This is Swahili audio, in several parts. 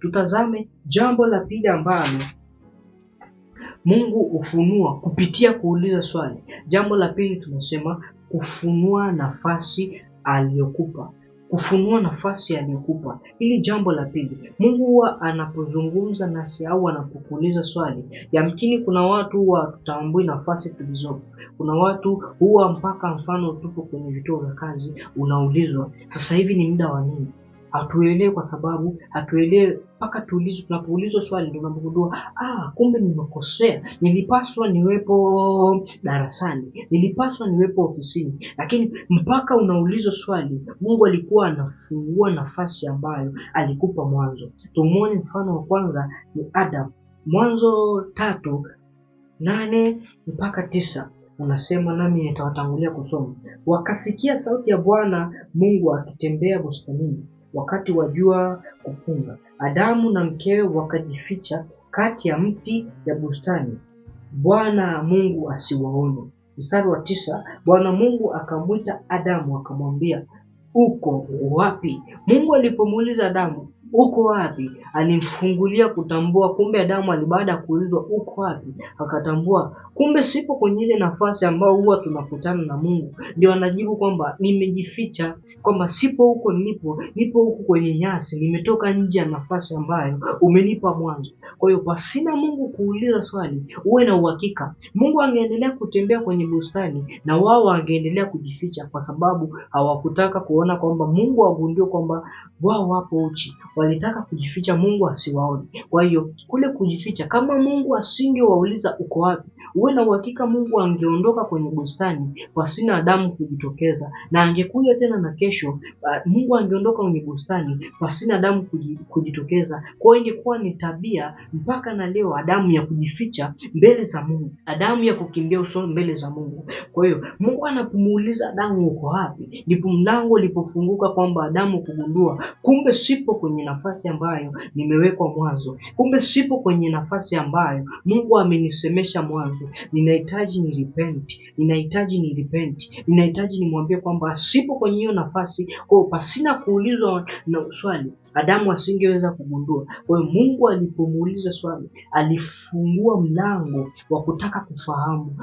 Tutazame jambo la pili ambalo Mungu hufunua kupitia kuuliza swali. Jambo la pili tunasema kufunua nafasi aliyokupa kufunua nafasi aliyokupa. Hili jambo la pili, Mungu huwa anapozungumza nasi au anapokuuliza swali. Yamkini kuna watu huwa tutambui nafasi tulizopo. Kuna watu huwa mpaka mfano tupo kwenye vituo vya kazi, unaulizwa sasa hivi ni muda wa nini? hatuelewi kwa sababu hatuelewi mpaka tuulizwe. Tunapoulizwa swali ndio tunagundua, ah, kumbe nimekosea. Nilipaswa niwepo darasani, nilipaswa niwepo ofisini. Lakini mpaka unaulizwa swali, Mungu alikuwa anafungua nafasi ambayo alikupa mwanzo. Tumuone mfano wa kwanza ni Adam, Mwanzo tatu nane mpaka tisa unasema nami nitawatangulia kusoma. Wakasikia sauti ya Bwana Mungu akitembea bustanini wakati wa jua kupunga. Adamu na mkewe wakajificha kati ya mti ya bustani, Bwana Mungu asiwaone. Mstari wa tisa, Bwana Mungu akamwita Adamu akamwambia, uko wapi? Mungu alipomuuliza Adamu uko wapi? Alimfungulia kutambua, kumbe Adamu ali baada ya kuulizwa uko wapi, akatambua kumbe sipo kwenye ile nafasi ambayo huwa tunakutana na Mungu. Ndio anajibu kwamba nimejificha, kwamba sipo huko nilipo, nipo huku kwenye nyasi, nimetoka nje ya nafasi ambayo umenipa mwanzo. Kwa hiyo pasina Mungu kuuliza swali, uwe na uhakika Mungu angeendelea kutembea kwenye bustani na wao wangeendelea kujificha, kwa sababu hawakutaka kuona kwamba Mungu agundue kwamba wao wapo uchi walitaka kujificha Mungu asiwaone. Kwa hiyo kule kujificha, kama Mungu asingewauliza uko wapi, uwe na uhakika Mungu angeondoka kwenye bustani pasina Adamu kujitokeza, na angekuja tena na kesho. Mungu angeondoka kwenye bustani pasina Adamu kujitokeza. Kwa hiyo ingekuwa ni tabia mpaka na leo Adamu ya kujificha mbele za Mungu, Adamu ya kukimbia usoni mbele za Mungu. Kwa hiyo Mungu anapomuuliza Adamu, uko wapi? Ndipo mlango ulipofunguka kwamba Adamu kugundua, kumbe sipo kwenye nafasi ambayo nimewekwa mwanzo, kumbe sipo kwenye nafasi ambayo Mungu amenisemesha mwanzo ninahitaji ni repent, ninahitaji ni repent, ninahitaji nimwambie kwamba asipo kwenye hiyo nafasi, kwa pasina kuulizwa na swali, Adamu asingeweza kugundua. Kwa hiyo Mungu alipomuuliza swali, alifungua mlango wa kutaka kufahamu.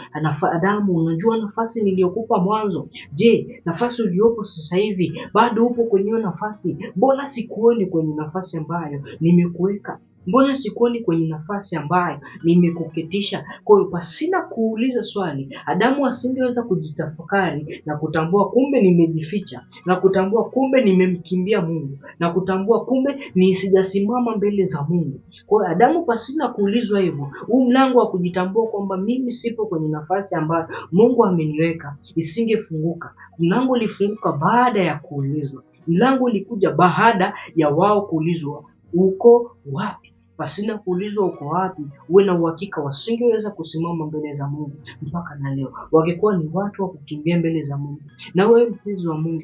Adamu, unajua nafasi niliyokupa mwanzo? Je, nafasi uliopo sasa hivi bado upo kwenye hiyo nafasi? Mbona sikuoni kwenye nafasi ambayo nimekuweka? Mbona sikuoni kwenye nafasi ambayo nimekuketisha? Kwa hiyo pasina kuuliza swali, Adamu asingeweza kujitafakari na kutambua kumbe nimejificha, na kutambua kumbe nimemkimbia Mungu, na kutambua kumbe ni sijasimama mbele za Mungu. Kwa hiyo Adamu pasina kuulizwa hivyo, huu mlango wa kujitambua kwamba mimi sipo kwenye nafasi ambayo Mungu ameniweka isingefunguka. Mlango ulifunguka baada ya kuulizwa, mlango ulikuja baada ya wao kuulizwa, uko wapi? pasina kuulizwa uko wapi, uwe na uhakika wasingeweza kusimama mbele za Mungu mpaka na leo, wangekuwa ni watu wa kukimbia mbele za Mungu. Na wewe mpenzi wa Mungu,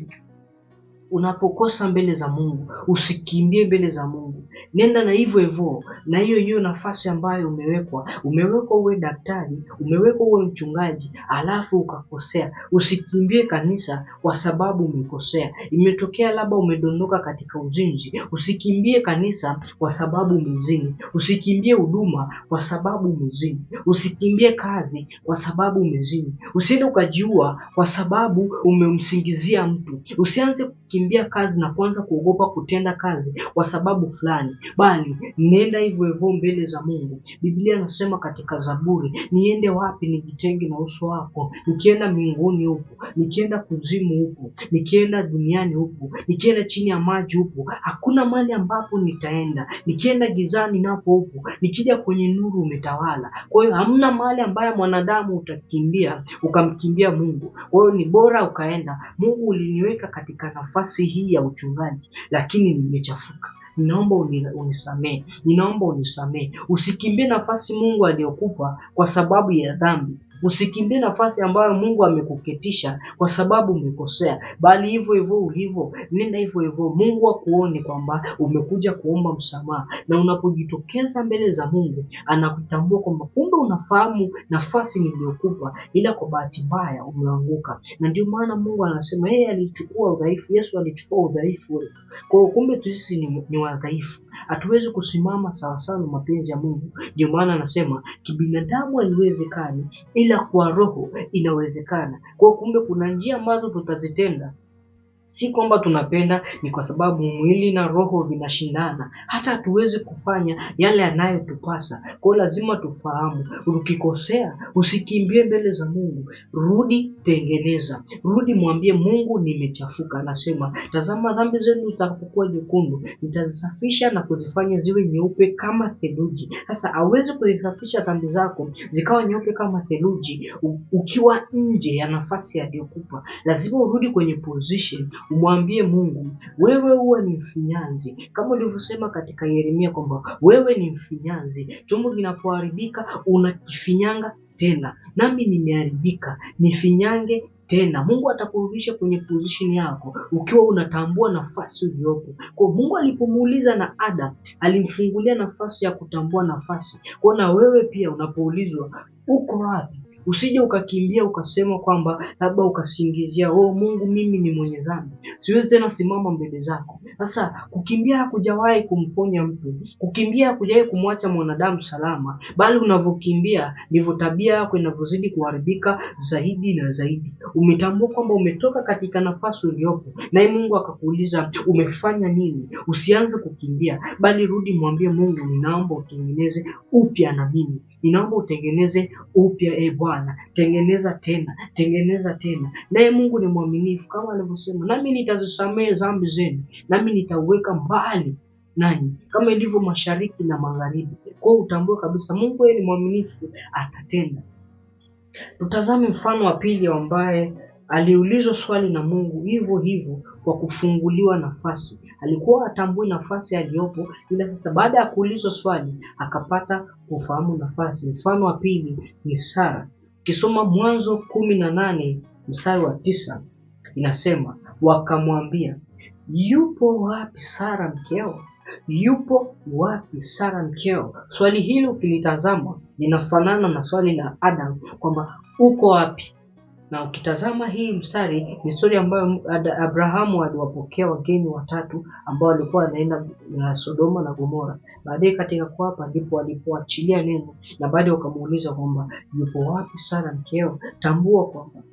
Unapokosa mbele za Mungu, usikimbie mbele za Mungu, nenda na hivyo hivyo, na hiyo hiyo nafasi ambayo umewekwa. Umewekwa uwe daktari, umewekwa uwe mchungaji, alafu ukakosea. Usikimbie kanisa kwa sababu umekosea. Imetokea labda umedondoka katika uzinzi, usikimbie kanisa kwa sababu umezini. Usikimbie huduma kwa sababu umezini. Usikimbie kazi kwa sababu umezini. Usiende ukajiua kwa sababu umemsingizia mtu. Usianze kukimbia kukimbia kazi na kuanza kuogopa kutenda kazi kwa sababu fulani, bali nenda hivyo hivyo mbele za Mungu. Biblia nasema katika Zaburi, niende wapi nijitenge na uso wako? Nikienda mbinguni huko, nikienda kuzimu huko, nikienda duniani huko, nikienda chini ya maji huko, hakuna mahali ambapo nitaenda. Nikienda gizani napo huko, nikija kwenye nuru umetawala. Kwa hiyo hamna mahali ambayo mwanadamu utakimbia ukamkimbia Mungu. Kwa hiyo ni bora ukaenda. Mungu uliniweka katika nafasi nafasi hii ya uchungaji, lakini nimechafuka, ninaomba unisamehe, ninaomba unisamehe. Usikimbie nafasi Mungu aliyokupa kwa sababu ya dhambi. Usikimbie nafasi ambayo Mungu amekuketisha kwa sababu umekosea, bali hivyo hivyo ulivyo, nenda hivyo hivyo. Mungu akuone kwamba umekuja kuomba msamaha, na unapojitokeza mbele za Mungu anakutambua kwamba kumbe unafahamu nafasi niliyokupa, ila kwa bahati mbaya umeanguka. Na ndio maana Mungu anasema yeye alichukua udhaifu Yesu alichukua udhaifu ule. Kwa hiyo kumbe tu sisi ni, ni wadhaifu, hatuwezi kusimama sawasawa na mapenzi ya Mungu. Ndio maana anasema kibinadamu haiwezekani, ila kwa roho inawezekana. Kwa hiyo kumbe kuna njia ambazo tutazitenda Si kwamba tunapenda, ni kwa sababu mwili na roho vinashindana, hata hatuwezi kufanya yale yanayotupasa. Kwa lazima tufahamu, ukikosea usikimbie mbele za Mungu, rudi, tengeneza, rudi, mwambie Mungu, nimechafuka. Anasema, tazama, dhambi zenu zitakuwa nyekundu, nitazisafisha na kuzifanya ziwe nyeupe kama theluji. Sasa awezi kuzisafisha dhambi zako zikawa nyeupe kama theluji ukiwa nje ya nafasi aliyokupa. Lazima urudi kwenye position umwambie Mungu, wewe uwe ni mfinyanzi, kama ulivyosema katika Yeremia kwamba wewe ni mfinyanzi, chombo kinapoharibika unakifinyanga tena. Nami nimeharibika, nifinyange tena. Mungu atakurudisha kwenye position yako ukiwa unatambua nafasi uliyopo. Kwa Mungu alipomuuliza na Adam, alimfungulia nafasi ya kutambua nafasi. Kwa na wewe pia unapoulizwa uko wapi Usije ukakimbia ukasema kwamba labda ukasingizia, oh, Mungu mimi ni mwenye dhambi, siwezi tena simama mbele zako. Sasa kukimbia hakujawahi kumponya mtu, kukimbia hakujawahi kumwacha mwanadamu salama, bali unavyokimbia ndivyo tabia yako inavyozidi kuharibika zaidi na zaidi. Umetambua kwamba umetoka katika nafasi uliyopo, naye Mungu akakuuliza umefanya nini? Usianze kukimbia, bali rudi, mwambie Mungu, ninaomba utengeneze upya na mimi, ninaomba utengeneze upya, e Bwana Bwana, tengeneza tena, tengeneza tena. Naye Mungu ni mwaminifu kama alivyosema, nami nitazisamehe dhambi zenu, nami nitaweka mbali nanyi kama ilivyo mashariki na magharibi. Kwa hiyo utambue kabisa Mungu yeye ni mwaminifu, atatenda. Tutazame mfano wa pili ambaye aliulizwa swali na Mungu hivyo hivyo kwa kufunguliwa nafasi. Alikuwa atambue nafasi aliyopo, ila sasa baada ya kuulizwa swali akapata kufahamu nafasi. Mfano wa pili ni Sara. Ukisoma Mwanzo kumi na nane mstari wa tisa inasema, wakamwambia yupo wapi Sara mkeo? Yupo wapi Sara mkeo? Swali hili ukilitazama linafanana na swali la Adam kwamba uko wapi? Na ukitazama hii mstari ni stori ambayo Abrahamu aliwapokea wageni watatu ambao walikuwa wanaenda Sodoma na Gomora. Baadaye katika kuapa ndipo walipoachilia neno, na baadaye wakamuuliza kwamba yupo wapi Sara mkeo? Tambua kwamba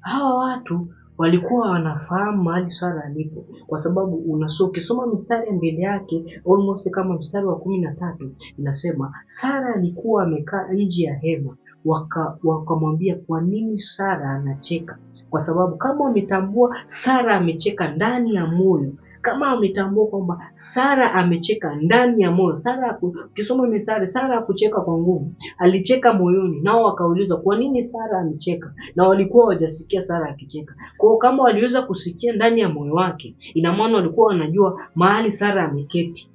hawa watu walikuwa wanafahamu mahali Sara alipo, kwa sababu unasoma ukisoma mstari ya mbele yake almost kama mstari wa kumi na tatu inasema Sara alikuwa amekaa nje ya hema wakamwambia waka kwa nini Sara anacheka, kwa sababu kama wametambua Sara amecheka ndani ya moyo, kama ametambua kwamba Sara amecheka ndani ya moyo. Sara, ukisoma mistari, Sara hakucheka kwa nguvu, alicheka moyoni. Nao wakauliza kwa nini Sara amecheka, na walikuwa wajasikia Sara akicheka. Kwa hiyo kama waliweza kusikia ndani ya moyo wake, ina maana walikuwa wanajua mahali Sara ameketi.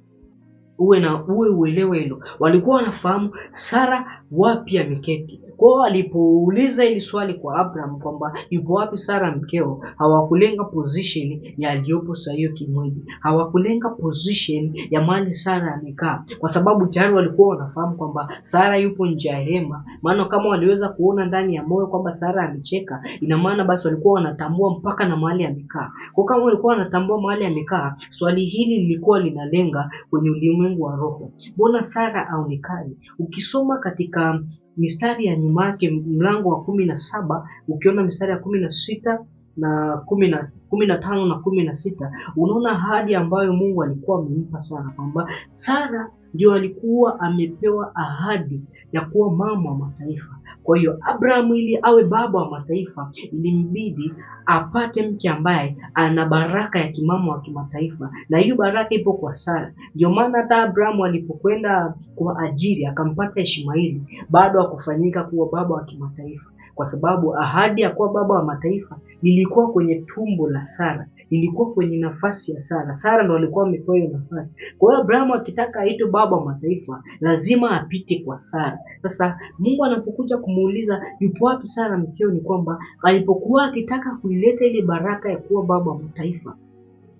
Uwe na uwe uelewe hilo, walikuwa wanafahamu Sara wapi ameketi. hiyo alipouliza hili swali kwa Abraham kwamba yupo wapi Sara mkeo, hawakulenga position ya aliyopo sasa hiyo kimwili, hawakulenga position ya mali Sara amekaa, kwa sababu tayari walikuwa wanafahamu kwamba Sara yupo nje ya hema. Maana kama waliweza kuona ndani ya moyo kwamba Sara amecheka, ina maana basi walikuwa wanatambua mpaka na mahali amekaa. Kwa kama walikuwa wanatambua mahali amekaa, swali hili lilikuwa linalenga kwenye ulimwengu wa roho. Mbona Sara aonekani? Ukisoma katika katika mistari ya nyuma yake mlango wa kumi na saba ukiona mistari ya kumi na sita na kumi na kumi na tano na kumi na sita unaona ahadi ambayo Mungu alikuwa amempa Sara, kwamba Sara ndio alikuwa amepewa ahadi ya kuwa mama wa mataifa, kwa hiyo Abrahamu ili awe baba wa mataifa, ilimbidi apate mke ambaye ana baraka ya kimama wa kimataifa, na hiyo baraka ipo kwa Sara. Ndio maana hata Abrahamu alipokwenda kwa ajili akampata Ishmaeli, bado akufanyika kuwa baba wa kimataifa, kwa sababu ahadi ya kuwa baba wa mataifa lilikuwa kwenye tumbo la Sara ilikuwa kwenye nafasi ya Sara. Sara ndo alikuwa amepewa hiyo nafasi. Kwa hiyo Abrahamu akitaka aitwe baba wa mataifa lazima apite kwa Sara. Sasa Mungu anapokuja kumuuliza yupo wapi Sara mkeo, ni kwamba alipokuwa akitaka kuileta ile baraka ya kuwa baba wa mataifa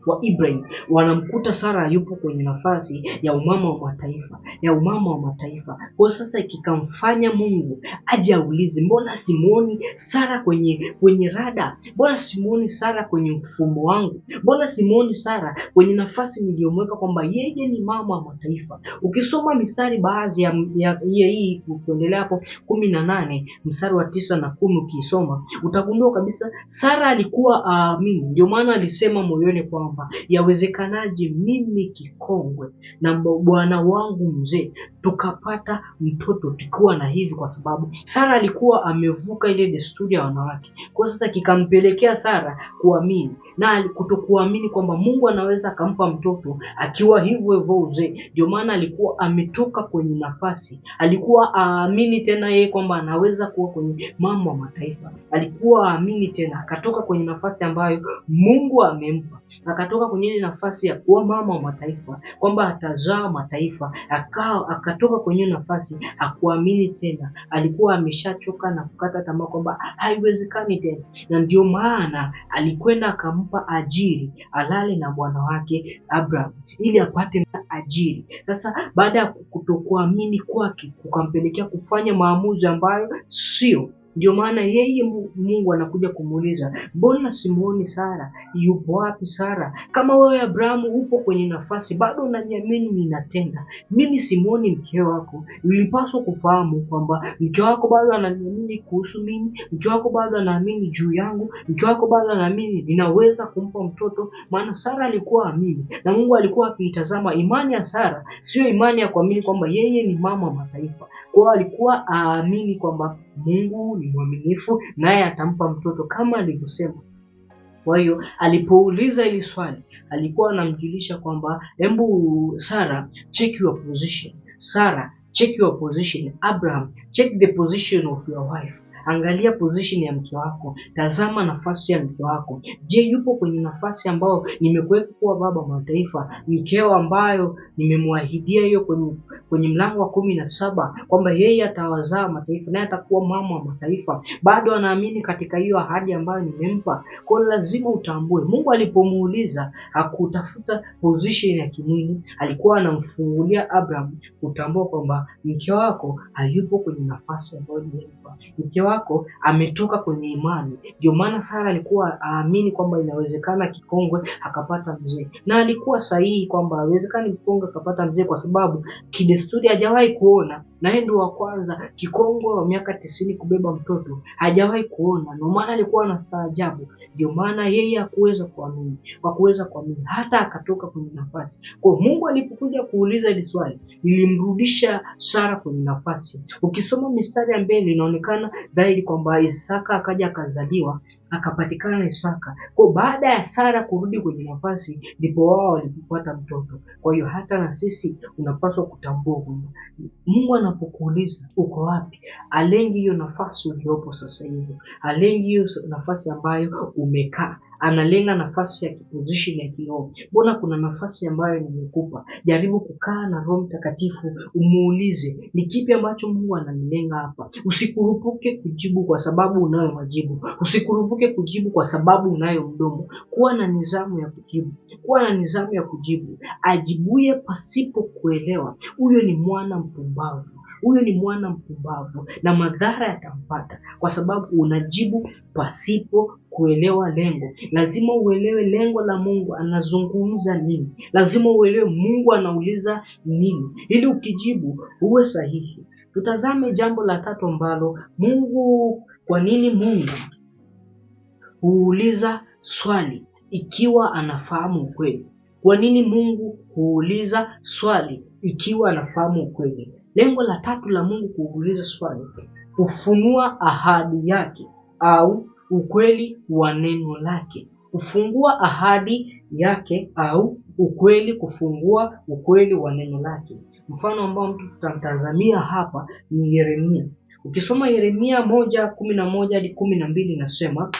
wa Ibrahim wanamkuta Sara yupo kwenye nafasi ya umama wa mataifa ya umama wa mataifa. Kwa sasa ikikamfanya Mungu aje aulize, mbona simuoni Sara kwenye kwenye rada? Mbona simuoni Sara kwenye mfumo wangu? Mbona simuoni Sara kwenye nafasi niliyomweka kwamba yeye ni mama wa mataifa? Ukisoma mistari baadhi ya hii kuendelea hapo kumi na nane mstari wa tisa na kumi ukisoma utagundua kabisa Sara alikuwa aamini, ah, uh, ndio maana alisema moyoni kwamba kwamba yawezekanaje mimi kikongwe na bwana wangu mzee tukapata mtoto tukiwa na hivi, kwa sababu Sara alikuwa amevuka ile desturi ya wanawake. Kwa sasa kikampelekea Sara kuamini na kutokuamini kwamba Mungu anaweza akampa mtoto akiwa hivyo hivyo uzee. Ndio maana alikuwa ametoka kwenye nafasi, alikuwa aamini tena yeye kwamba anaweza kuwa kwenye mambo ya mataifa, alikuwa aamini tena, akatoka kwenye nafasi ambayo Mungu amempa, akatoka kwenye ile nafasi ya kuwa mama wa mataifa, kwamba atazaa mataifa, akao akatoka kwenye nafasi, hakuamini tena, alikuwa ameshachoka na kukata tamaa kwamba haiwezekani tena, na ndio maana alikwenda akampa akampa ajiri alale na bwana wake Abraham ili apate ajiri. Sasa baada ya kutokuamini kwake kukampelekea kufanya maamuzi ambayo sio ndio maana yeye Mungu anakuja kumuuliza, mbona simuoni Sara? Yupo wapi Sara? Kama wewe Abrahamu upo kwenye nafasi bado unaniamini, ninatenda mimi, simuoni mke wako. Ulipaswa kufahamu kwamba mke wako bado ananiamini kuhusu mimi, mke wako bado anaamini juu yangu, mke wako bado anaamini ninaweza kumpa mtoto. Maana Sara alikuwa amini, na Mungu alikuwa akiitazama imani ya Sara, sio imani ya kuamini kwamba yeye ni mama wa mataifa. Kwa hiyo alikuwa aamini kwamba Mungu mwaminifu, naye atampa mtoto kama alivyosema. Kwa hiyo alipouliza hili swali alikuwa anamjulisha kwamba, hebu Sara, check your position Sara Check your position. Abraham, check the position of your wife. Angalia position ya mke wako, tazama nafasi ya mke wako. Je, yupo kwenye nafasi ambayo nimekuweka kuwa baba mataifa, mkeo ambayo nimemwahidia hiyo kwenye, kwenye mlango wa kumi na saba kwamba yeye atawazaa mataifa naye atakuwa mama wa mataifa. Bado anaamini katika hiyo ahadi ambayo nimempa. Kwa lazima utambue, Mungu alipomuuliza hakutafuta position ya kimwili, alikuwa anamfungulia Abraham kutambua kwamba mke wako hayupo kwenye nafasi ambayo imempa. Mke wako ametoka kwenye imani. Ndio maana Sara alikuwa aamini kwamba inawezekana kikongwe akapata mzee, na alikuwa sahihi kwamba haiwezekani kikongwe akapata mzee, kwa sababu kidesturi hajawahi kuona naye ndio wa kwanza kikongwe wa miaka tisini kubeba mtoto, hajawahi kuona. Ndio maana alikuwa na staajabu ndio maana yeye hakuweza kuamini, kwa kuweza kuamini hata akatoka kwenye nafasi. Kwa Mungu alipokuja kuuliza ile swali, ilimrudisha Sara kwenye nafasi. Ukisoma mistari ya mbele, inaonekana dhahiri kwamba Isaka akaja akazaliwa akapatikana Isaka. Kwa baada ya Sara kurudi kwenye nafasi, ndipo wao walipopata mtoto. Kwa hiyo hata na sisi unapaswa kutambua kwamba Mungu anapokuuliza uko wapi, alengi hiyo nafasi uliopo sasa hivi, alengi hiyo nafasi ambayo umekaa analenga nafasi ya kiposition ya kiroho. mbona kuna nafasi ambayo nimekupa, jaribu kukaa na Roho Mtakatifu, umuulize ni kipi ambacho Mungu ananilenga hapa. Usikurupuke kujibu kwa sababu unayo majibu, usikurupuke kujibu kwa sababu unayo mdomo. Kuwa na nidhamu ya kujibu, kuwa na nidhamu ya kujibu. Ajibuye pasipo kuelewa, huyo ni mwana mpumbavu, huyo ni mwana mpumbavu, na madhara yatampata kwa sababu unajibu pasipo kuelewa lengo, lazima uelewe lengo la Mungu anazungumza nini, lazima uelewe Mungu anauliza nini, ili ukijibu uwe sahihi. Tutazame jambo la tatu ambalo Mungu, kwa nini Mungu huuliza swali ikiwa anafahamu ukweli? Kwa nini Mungu huuliza swali ikiwa anafahamu ukweli? Lengo la tatu la Mungu kuuliza swali, kufunua ahadi yake au ukweli wa neno lake kufungua ahadi yake au ukweli kufungua ukweli wa neno lake. Mfano ambao mtu tutamtazamia hapa ni Yeremia. Ukisoma Yeremia moja kumi na moja hadi kumi na mbili inasema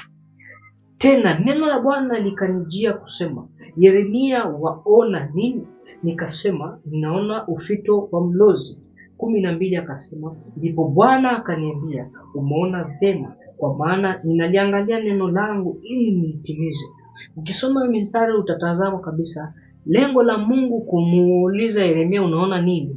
tena neno la Bwana likanijia kusema, Yeremia, waona nini? Nikasema, ninaona ufito wa mlozi. kumi na mbili akasema, ndipo Bwana akaniambia, umeona vema kwa maana ninaliangalia neno langu ili niitimize. Ukisoma mistari utatazama kabisa lengo la Mungu kumuuliza Yeremia, unaona nini?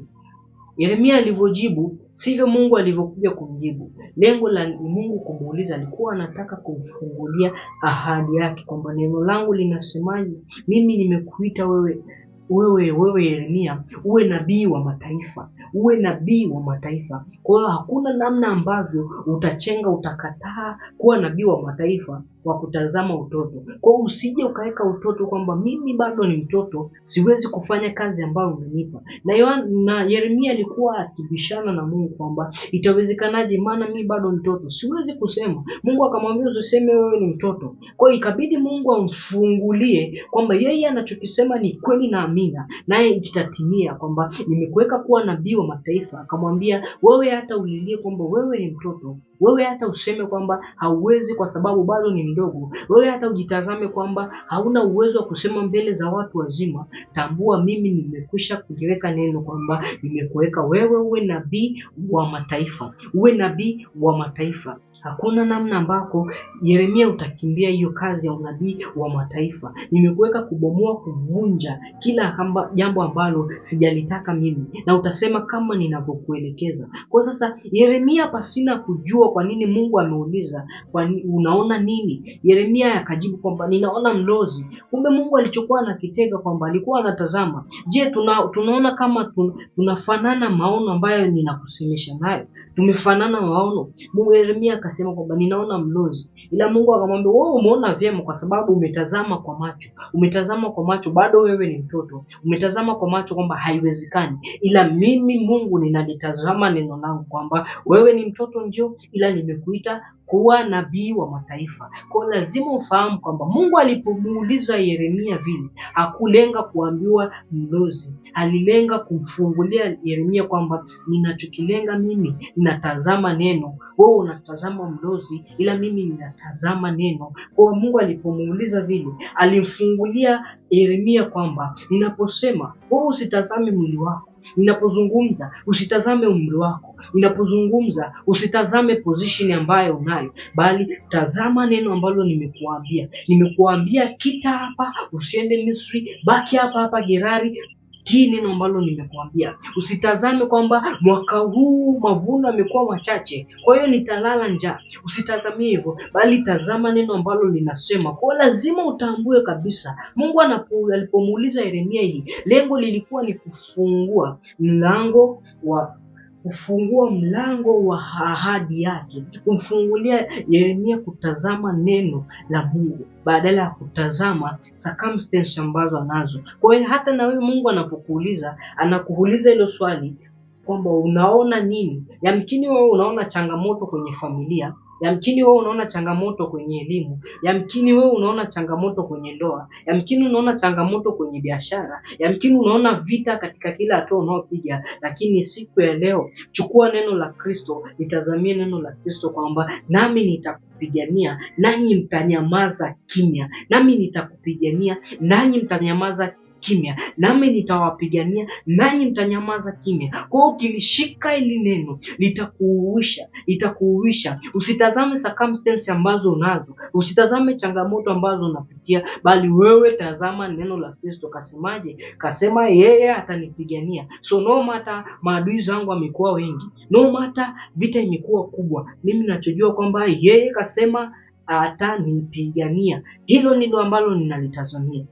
Yeremia alivyojibu sivyo Mungu alivyokuja kumjibu. Lengo la Mungu kumuuliza alikuwa anataka kumfungulia ahadi yake, kwamba neno langu linasemaje? Mimi nimekuita wewe, wewe, wewe Yeremia uwe nabii wa mataifa, uwe nabii wa mataifa. Kwa hiyo hakuna namna ambavyo utachenga, utakataa kuwa nabii wa mataifa wa kutazama utoto. Kwa hiyo usije ukaweka utoto kwamba mimi bado ni mtoto, siwezi kufanya kazi ambayo umenipa. Na Yohana, na Yeremia alikuwa akibishana na Mungu kwamba itawezekanaje, maana mimi bado mtoto, siwezi kusema. Mungu akamwambia usiseme wewe ni mtoto. Kwa hiyo ikabidi Mungu amfungulie kwamba yeye anachokisema ni kweli na amina, naye kitatimia kwamba nimekuweka kuwa nabii wa Mataifa akamwambia, wewe hata ulilie kwamba wewe ni mtoto wewe hata useme kwamba hauwezi kwa sababu bado ni mdogo. Wewe hata ujitazame kwamba hauna uwezo wa kusema mbele za watu wazima. Tambua mimi nimekwisha kuliweka neno kwamba nimekuweka wewe uwe nabii wa mataifa, uwe nabii wa mataifa. Hakuna namna ambako Yeremia utakimbia hiyo kazi ya unabii wa mataifa. Nimekuweka kubomoa, kuvunja kila kamba, jambo ambalo sijalitaka mimi, na utasema kama ninavyokuelekeza. Kwa sasa Yeremia pasina kujua kwa nini Mungu ameuliza unaona nini. Yeremia akajibu kwamba ninaona mlozi. Kumbe Mungu alichokuwa anakitega kwamba alikuwa anatazama, je, tuna, tunaona kama tun, tunafanana maono ambayo ninakusemesha nayo, tumefanana maono. Mungu Yeremia akasema kwamba ninaona mlozi, ila Mungu akamwambia wewe, umeona vyema kwa sababu umetazama kwa macho, umetazama kwa macho, bado wewe ni mtoto, umetazama kwa macho kwamba haiwezekani, ila mimi Mungu ninalitazama neno langu kwamba wewe ni mtoto ndio ila limekuita kuwa nabii wa mataifa. Kwa lazima ufahamu kwamba Mungu alipomuuliza Yeremia vile hakulenga kuambiwa mlozi, alilenga kumfungulia Yeremia kwamba ninachokilenga mimi, ninatazama neno. Wewe unatazama mlozi, ila mimi ninatazama neno. Kwa Mungu alipomuuliza vile alimfungulia Yeremia kwamba ninaposema, wewe usitazame mwili wako ninapozungumza usitazame umri wako, ninapozungumza usitazame position ambayo unayo fulani, bali tazama neno ambalo nimekuambia. Nimekuambia kita hapa, usiende Misri, baki hapa hapa Gerari. Tii neno ambalo nimekuambia. Usitazame kwamba mwaka huu mavuno yamekuwa machache, kwa hiyo nitalala njaa. Usitazamie hivyo, bali tazama neno ambalo linasema. Kwa lazima utambue kabisa, Mungu alipomuuliza Yeremia hii, lengo lilikuwa ni kufungua mlango wa kufungua mlango wa ahadi yake, kumfungulia Yeremia kutazama neno la Mungu badala ya kutazama circumstances ambazo anazo. Kwa hiyo hata na wewe Mungu anapokuuliza, anakuuliza hilo swali kwamba unaona nini? Yamkini wewe unaona changamoto kwenye familia Yamkini wewe unaona changamoto kwenye elimu, yamkini wewe unaona changamoto kwenye ndoa, yamkini unaona changamoto kwenye biashara, yamkini unaona vita katika kila hatua unaopiga. Lakini siku ya leo, chukua neno la Kristo, litazamie neno la Kristo kwamba nami nitakupigania, nanyi mtanyamaza kimya, nami nitakupigania, nanyi mtanyamaza kimya, nami nitawapigania nanyi mtanyamaza kimya. Kwa hiyo ukilishika hili neno litakuuisha, litakuuisha. Usitazame circumstances ambazo unazo, usitazame changamoto ambazo unapitia, bali wewe tazama neno la Kristo. Kasemaje? Kasema yeye atanipigania. So no matter maadui zangu amekuwa wengi, no matter vita imekuwa kubwa, mimi nachojua kwamba yeye kasema atanipigania. Hilo ndilo ambalo ninalitazamia.